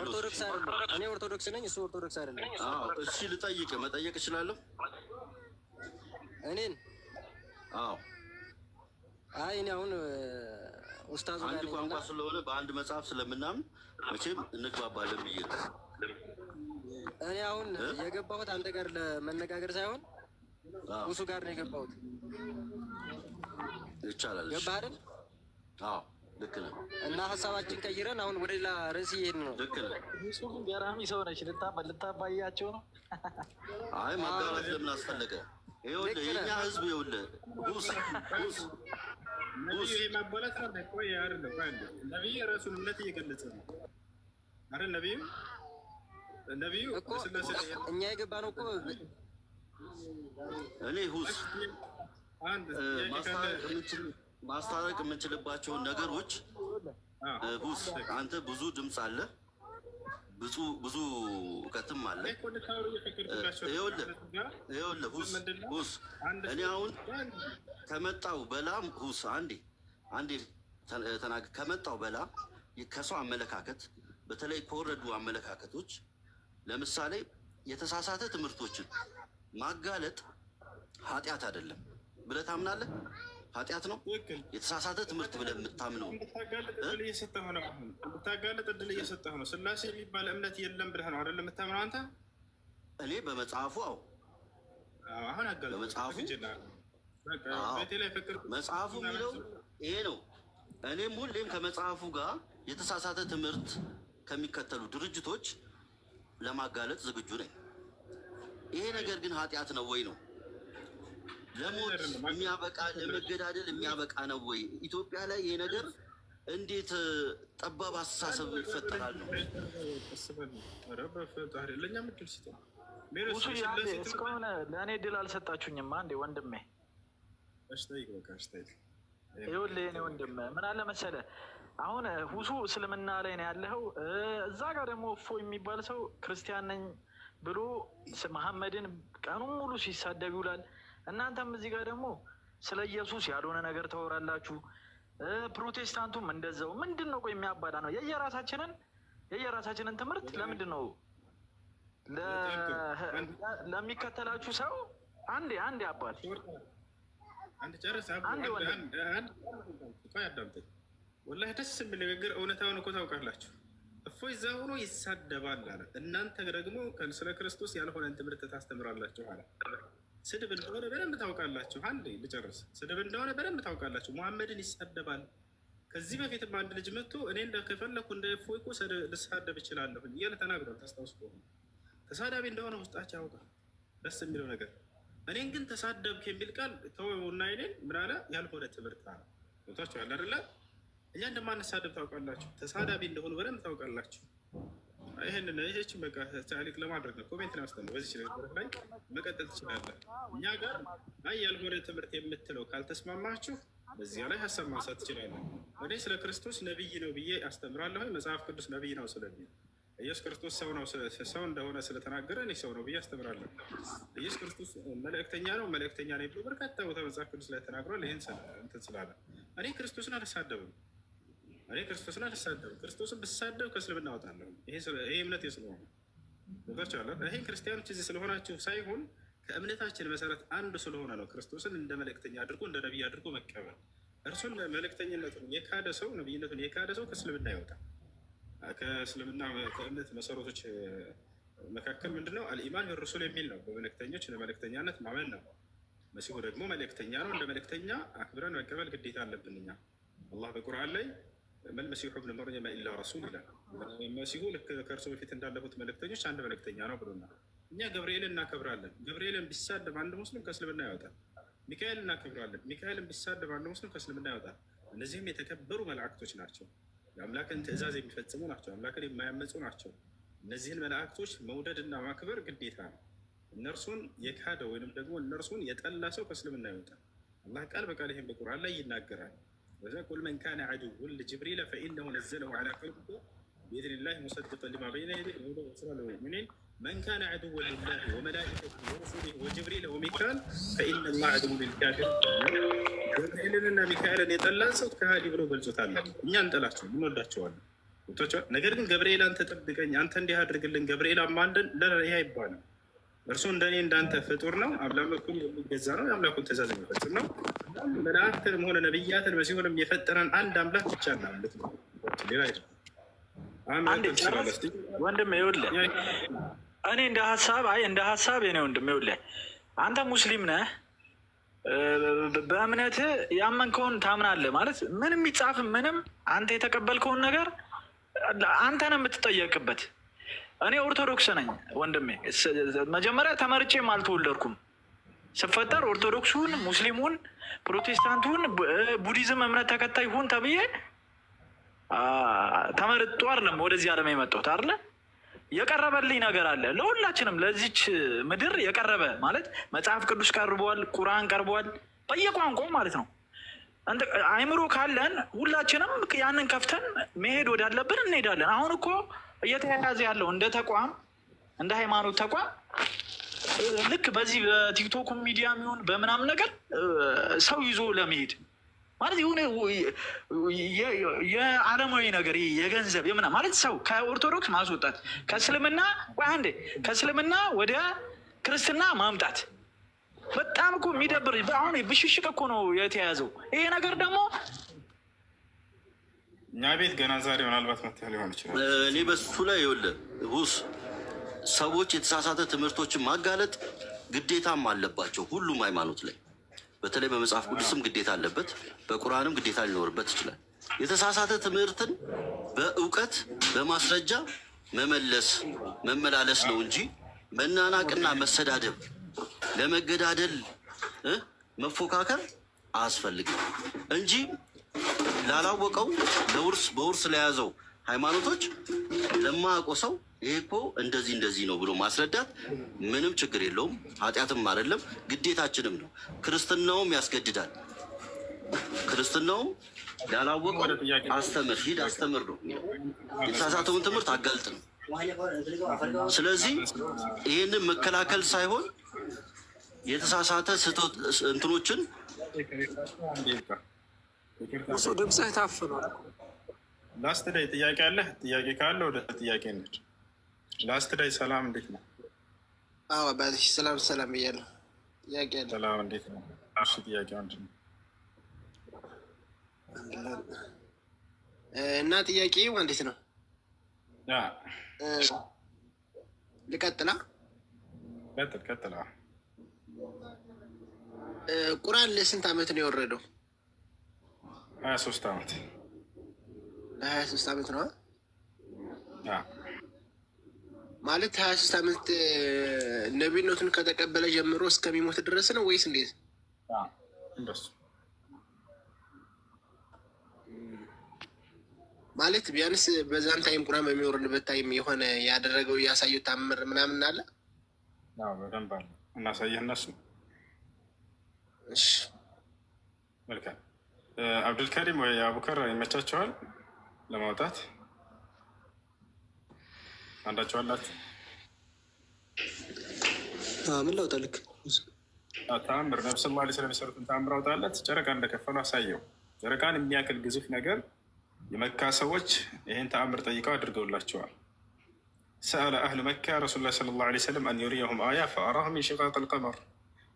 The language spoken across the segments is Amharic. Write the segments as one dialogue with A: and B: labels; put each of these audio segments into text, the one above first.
A: ኦርቶዶክስ አይደለም። እኔ ኦርቶዶክስ ነኝ፣ እሱ ኦርቶዶክስ አይደለም።
B: እሺ፣ ልጠይቅ መጠየቅ እችላለሁ? እኔን? አዎ።
A: አይ እኔ አሁን ኡስታዝ
B: አንድ ቋንቋ ስለሆነ በአንድ መጽሐፍ ስለምናምን መቼም እንግባባለን ብዬ
A: እኔ አሁን የገባሁት አንተ ጋር ለመነጋገር ሳይሆን እሱ ጋር ነው የገባሁት። ይቻላል። ገባህ አይደል?
B: አዎ ልክ ነህ።
A: እና ሀሳባችን ቀይረን አሁን ወደ ሌላ ርዕስ እየሄድን ነው። ልክ ነህ። ሱም ገራሚ ሰው ነች። ልታባያቸው ነው።
B: አይ ማጋራት ለምን አስፈለገ? ይኸውልህ የእኛ ህዝብ ይኸውልህ ጉስ ጉስ
C: ጉስ ማባላት ቆይ አይደለም ነቢይ ራሱን እምነት እየገለጸ ነው አይደል? ነቢዩ ነቢዩ
A: እኛ የገባ ነው እኮ
B: እኔ ሁስ ማስታረቅ የምችል ማስታረቅ የምንችልባቸውን ነገሮች ሁስ አንተ ብዙ ድምፅ አለ፣ ብዙ እውቀትም አለ። ይኸውልህ እኔ አሁን ከመጣው በላም ሁስ አንዴ አንዴ ተናግር ከመጣው በላ ከሰው አመለካከት በተለይ ከወረዱ አመለካከቶች ለምሳሌ የተሳሳተ ትምህርቶችን ማጋለጥ ኃጢአት አይደለም ብለህ ታምናለህ? ኃጢአት ነው። የተሳሳተ ትምህርት ብለህ የምታምነው
C: እንድታጋለጥ እድል እየሰጠህ ነው። ስላሴ የሚባል እምነት የለም ብለህ ነው አይደለም የምታምነው አንተ።
B: እኔ በመጽሐፉ አዎ፣ በመጽሐፉ መጽሐፉ የሚለው ይሄ ነው። እኔም ሁሌም ከመጽሐፉ ጋር የተሳሳተ ትምህርት ከሚከተሉ ድርጅቶች ለማጋለጥ ዝግጁ ነኝ። ይሄ ነገር ግን ኃጢአት ነው ወይ ነው ለሞት የሚያበቃ ለመገዳደል የሚያበቃ ነው ወይ? ኢትዮጵያ ላይ ይሄ ነገር እንዴት ጠባብ አስተሳሰብ ይፈጠራል ነው
A: እስከሆነ ለእኔ ድል አልሰጣችሁኝማ እንዴ ወንድሜ ይኸውልህ የእኔ ወንድም ምን አለ መሰለህ አሁን ሁሱ እስልምና ላይ ነው ያለኸው እዛ ጋር ደግሞ እፎ የሚባል ሰው ክርስቲያን ነኝ ብሎ መሐመድን ቀኑን ሙሉ ሲሳደብ ይውላል እናንተም እዚህ ጋር ደግሞ ስለ ኢየሱስ ያልሆነ ነገር ታወራላችሁ። ፕሮቴስታንቱም እንደዛው። ምንድን ነው ቆይ የሚያባዳ ነው? የየራሳችንን የየራሳችንን ትምህርት ለምንድን ነው ለሚከተላችሁ ሰው አንዴ አንዴ አባት
C: ወላሂ ደስ የሚል ንግግር እውነታውን እኮ ታውቃላችሁ። እፎይ እዛ ሆኖ ይሳደባል አለ። እናንተ ደግሞ ስለ ክርስቶስ ያልሆነን ትምህርት ታስተምራላችሁ አለ። ስድብ እንደሆነ በደንብ ታውቃላችሁ። አንድ ልጨርስ። ስድብ እንደሆነ በደንብ ታውቃላችሁ። መሐመድን ይሰደባል። ከዚህ በፊትም አንድ ልጅ መጥቶ እኔ እንደከፈለኩ እንደ ፎይቆ ልሳደብ እችላለሁ እያለ ተናግሯል። ታስታውስ ከሆነ ተሳዳቢ እንደሆነ ውስጣቸው ያውቃል። ደስ የሚለው ነገር እኔን ግን ተሳደብክ የሚል ቃል ተወውና ይኔን ምናለ ያልሆነ ትምህርት ቦታቸው ያለ አይደለ እኛ እንደማንሳደብ ታውቃላችሁ። ተሳዳቢ እንደሆኑ በደንብ ታውቃላችሁ። ይህንን ይህችን በቃ ታሪክ ለማድረግ ነው። ኮሜንት ናስተነ በዚህ ነገር ላይ መቀጠል ትችላለን። እኛ ጋር አይ ያልሆነ ትምህርት የምትለው ካልተስማማችሁ በዚያ ላይ ሀሳብ ማንሳት ትችላለን። እኔ ስለ ክርስቶስ ነቢይ ነው ብዬ አስተምራለሁ። መጽሐፍ ቅዱስ ነቢይ ነው ስለሚል ኢየሱስ ክርስቶስ ሰው ነው ሰው እንደሆነ ስለተናገረ እኔ ሰው ነው ብዬ አስተምራለሁ። ኢየሱስ ክርስቶስ መልእክተኛ ነው መልእክተኛ ነው ብሎ በርካታ ቦታ መጽሐፍ ቅዱስ ላይ ተናግሯል። ይህን እንትን ስላለ እኔ ክርስቶስን አልሳደብም። እኔ ክርስቶስን አልሳደብ። ክርስቶስን ብሳደብ ከእስልምና አወጣለሁ ይሄ እምነት ስለሆነ ወቀርቻለ ይሄ ክርስቲያኖች እዚህ ስለሆናችሁ ሳይሆን ከእምነታችን መሰረት አንዱ ስለሆነ ነው። ክርስቶስን እንደ መልእክተኛ አድርጎ እንደ ነቢይ አድርጎ መቀበል። እርሱን መልእክተኝነቱን የካደ ሰው ነቢይነቱን የካደ ሰው ከእስልምና ይወጣል። ከእስልምና ከእምነት መሰረቶች መካከል ምንድነው? አልኢማን ብሩሱል የሚል ነው። በመልእክተኞች ለመልእክተኛነት ማመን ነው። መሲሁ ደግሞ መልእክተኛ ነው። እንደ መልእክተኛ አክብረን መቀበል ግዴታ አለብን እኛ አላህ በቁርአን ላይ መልመሲሁ ብን መርየም ኢላ ረሱል ይላል። መሲሁ ልክ ከእርሱ በፊት እንዳለፉት መልእክተኞች አንድ መልእክተኛ ነው ብሎናል። እኛ ገብርኤልን እናከብራለን። ገብርኤልን ቢሳደብ አንድ ሙስሊም ከእስልምና ያወጣል። ሚካኤል እናከብራለን። ሚካኤልን ቢሳደብ አንድ ሙስሊም ከእስልምና ያወጣል። እነዚህም የተከበሩ መላእክቶች ናቸው። የአምላክን ትእዛዝ የሚፈጽሙ ናቸው። አምላክን የማያመፁ ናቸው። እነዚህን መላእክቶች መውደድና ማክበር ግዴታ ነው። እነርሱን የካደ ወይንም ደግሞ እነርሱን የጠላ ሰው ከእስልምና ይወጣል። አላህ ቃል በቃል ይህም በቁርአን ላይ ይናገራል። ከዛ ቁል መን ካነ ዐዱውን ሊጅብሪል ፈኢነሁ ነዘለሁ ዐላ ቀልቢከ ቢኢዝኒላህ ሙሰድቀን ሊማ በይነ የደይሂ ወሁደን ወቡሽራ ሊልሙእሚኒን መን ካነ ዐዱወን ሊላሂ ወመላኢከቲሂ ወሩሱሊሂ ወጅብሪል ወሚካኢል ፈኢነ ላህ ዐዱውን ሊልካፊሪን። ገብርኤልንና ሚካኤልን የጠላን ሰው ከሃዲ ብሎ ገልጾታል። እኛ እንጠላቸውም እንወዳቸዋለን። ነገር ግን ገብርኤል አንተ ጠብቀኝ፣ አንተ እንዲህ አድርግልን፣ ገብርኤል አማንደን ለይህ አይባልም። እርሱ እንደኔ እንዳንተ ፍጡር ነው፣ አምላኩን የሚገዛ ነው፣ የአምላኩን ትእዛዝ የሚፈጽም ነው። መላእክትንም ሆነ ነብያትን መሲሆንም የፈጠረን አንድ አምላክ ብቻ እናምልክ ነው።
A: እኔ እንደ ሀሳብ አይ እንደ ሀሳብ ኔ ወንድም ይኸውልህ፣ አንተ ሙስሊም ነህ፣ በእምነትህ ያመንከውን ታምናለህ ማለት ምንም ይጻፍ ምንም አንተ የተቀበልከውን ነገር አንተ ነው የምትጠየቅበት። እኔ ኦርቶዶክስ ነኝ ወንድሜ፣ መጀመሪያ ተመርጬም አልተወለድኩም። ስፈጠር ኦርቶዶክሱን ፣ ሙስሊሙን ፕሮቴስታንቱን ቡዲዝም እምነት ተከታይ ሁን ተብዬ ተመርጦ አይደለም ወደዚህ ዓለም የመጣሁት አይደለ። የቀረበልኝ ነገር አለ ለሁላችንም፣ ለዚች ምድር የቀረበ ማለት መጽሐፍ ቅዱስ ቀርቧል፣ ቁርአን ቀርቧል፣ በየቋንቋው ማለት ነው። አይምሮ ካለን ሁላችንም ያንን ከፍተን መሄድ ወዳለብን እንሄዳለን። አሁን እኮ እየተያያዘ ያለው እንደ ተቋም እንደ ሃይማኖት ተቋም ልክ በዚህ በቲክቶክ ሚዲያ የሚሆን በምናምን ነገር ሰው ይዞ ለመሄድ ማለት የሆነ የዓለማዊ ነገር የገንዘብ የምና ማለት ሰው ከኦርቶዶክስ ማስወጣት ከእስልምና ቆይ አንዴ ከእስልምና ወደ ክርስትና ማምጣት በጣም እኮ የሚደብር አሁን ብሽሽቅ እኮ ነው የተያዘው ይሄ ነገር ደግሞ
C: እኛ ቤት ገና ዛሬ ምናልባት መታ ሊሆን ይችላል
B: እኔ በሱ ላይ ይኸውልህ ሁስ ሰዎች የተሳሳተ ትምህርቶችን ማጋለጥ ግዴታም አለባቸው። ሁሉም ሃይማኖት ላይ በተለይ በመጽሐፍ ቅዱስም ግዴታ አለበት፣ በቁርአንም ግዴታ ሊኖርበት ይችላል። የተሳሳተ ትምህርትን በእውቀት በማስረጃ መመለስ መመላለስ ነው እንጂ መናናቅና መሰዳደብ ለመገዳደል መፎካከር አያስፈልግም እንጂ ላላወቀው ለውርስ በውርስ ለያዘው ሃይማኖቶች ለማያውቀው ሰው ይሄ እኮ እንደዚህ እንደዚህ ነው ብሎ ማስረዳት ምንም ችግር የለውም፣ ኃጢአትም አይደለም፣ ግዴታችንም ነው። ክርስትናውም ያስገድዳል። ክርስትናውም ያላወቀ አስተምር፣ ሂድ አስተምር ነው። የተሳሳተውን ትምህርት አጋልጥ ነው። ስለዚህ ይህንን መከላከል ሳይሆን የተሳሳተ ስህተት እንትኖችን
A: ድምፅህ ታፍኗል።
C: ላስት ላይ ጥያቄ አለህ? ጥያቄ ካለ ወደ ጥያቄ ነች ላስት ላይ ሰላም እንዴት ነው?
A: አዎ አባትሽ ሰላም ሰላም ብያለሁ። ጥያቄ አለ።
C: ሰላም እንዴት ነው? እሺ ጥያቄ ምንድን ነው?
A: እና ጥያቄው እንዴት ነው? ልቀጥላ ቀጥል ቀጥላ። ቁርአን ለስንት አመት ነው የወረደው?
C: ሀያ ሶስት አመት
A: ለሀያ ሶስት አመት ነው ማለት ሀያ ሶስት ዓመት ነቢነቱን ከተቀበለ ጀምሮ እስከሚሞት ድረስ ነው ወይስ እንዴት? እንደሱ ማለት ቢያንስ በዛን ታይም ቁራን በሚወርድበት ታይም የሆነ ያደረገው ያሳየው ታምር ምናምን አለ።
C: በደንብ አለ። እናሳየህ እነሱ መልካም። አብዱልከሪም ወይ አቡከር ይመቻቸዋል ለማውጣት አንዳቸው አላችሁ ምን ላውጣልክ? ተአምር ነብስ ላ ስለሚሰሩትን ተአምር አውጣለት። ጨረቃ እንደከፈሉ አሳየው። ጨረቃን የሚያክል ግዙፍ ነገር የመካ ሰዎች ይህን ተአምር ጠይቀው አድርገውላቸዋል። ሰአለ አህል መካ ረሱሉ ላ ስለ ላ ሰለም አን ዩሪየሁም አያ ፈአራሁም እንሽቃቅ ልቀመር።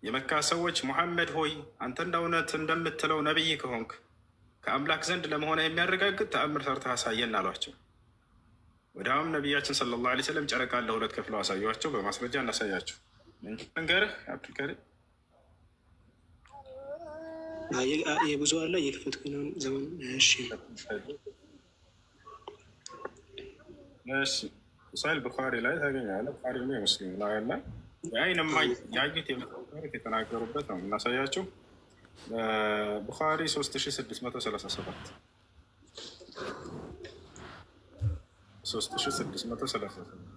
C: የመካ ሰዎች ሙሐመድ ሆይ አንተ እንደ እውነት እንደምትለው ነቢይ ከሆንክ ከአምላክ ዘንድ ለመሆነ የሚያረጋግጥ ተአምር ሰርተህ አሳየን አሏቸው። ወዳም ነቢያችን ሰለላሁ ዓለይሂ ወሰለም ጨረቃን ለሁለት ከፍለው አሳዩቸው። በማስረጃ እናሳያቸው ነገርህ አብዱልከሪም
A: የብዙ አለ የክፈት ግናን ዘመን
C: ሳይል ቡኻሪ ላይ ታገኛለህ። ቡኻሪ እና ሙስሊም ላይ አለ። የአይን ያዩት የመሰከሩት የተናገሩበት ነው። እናሳያቸው ቡኻሪ ሰባት 3639